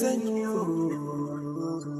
praising you.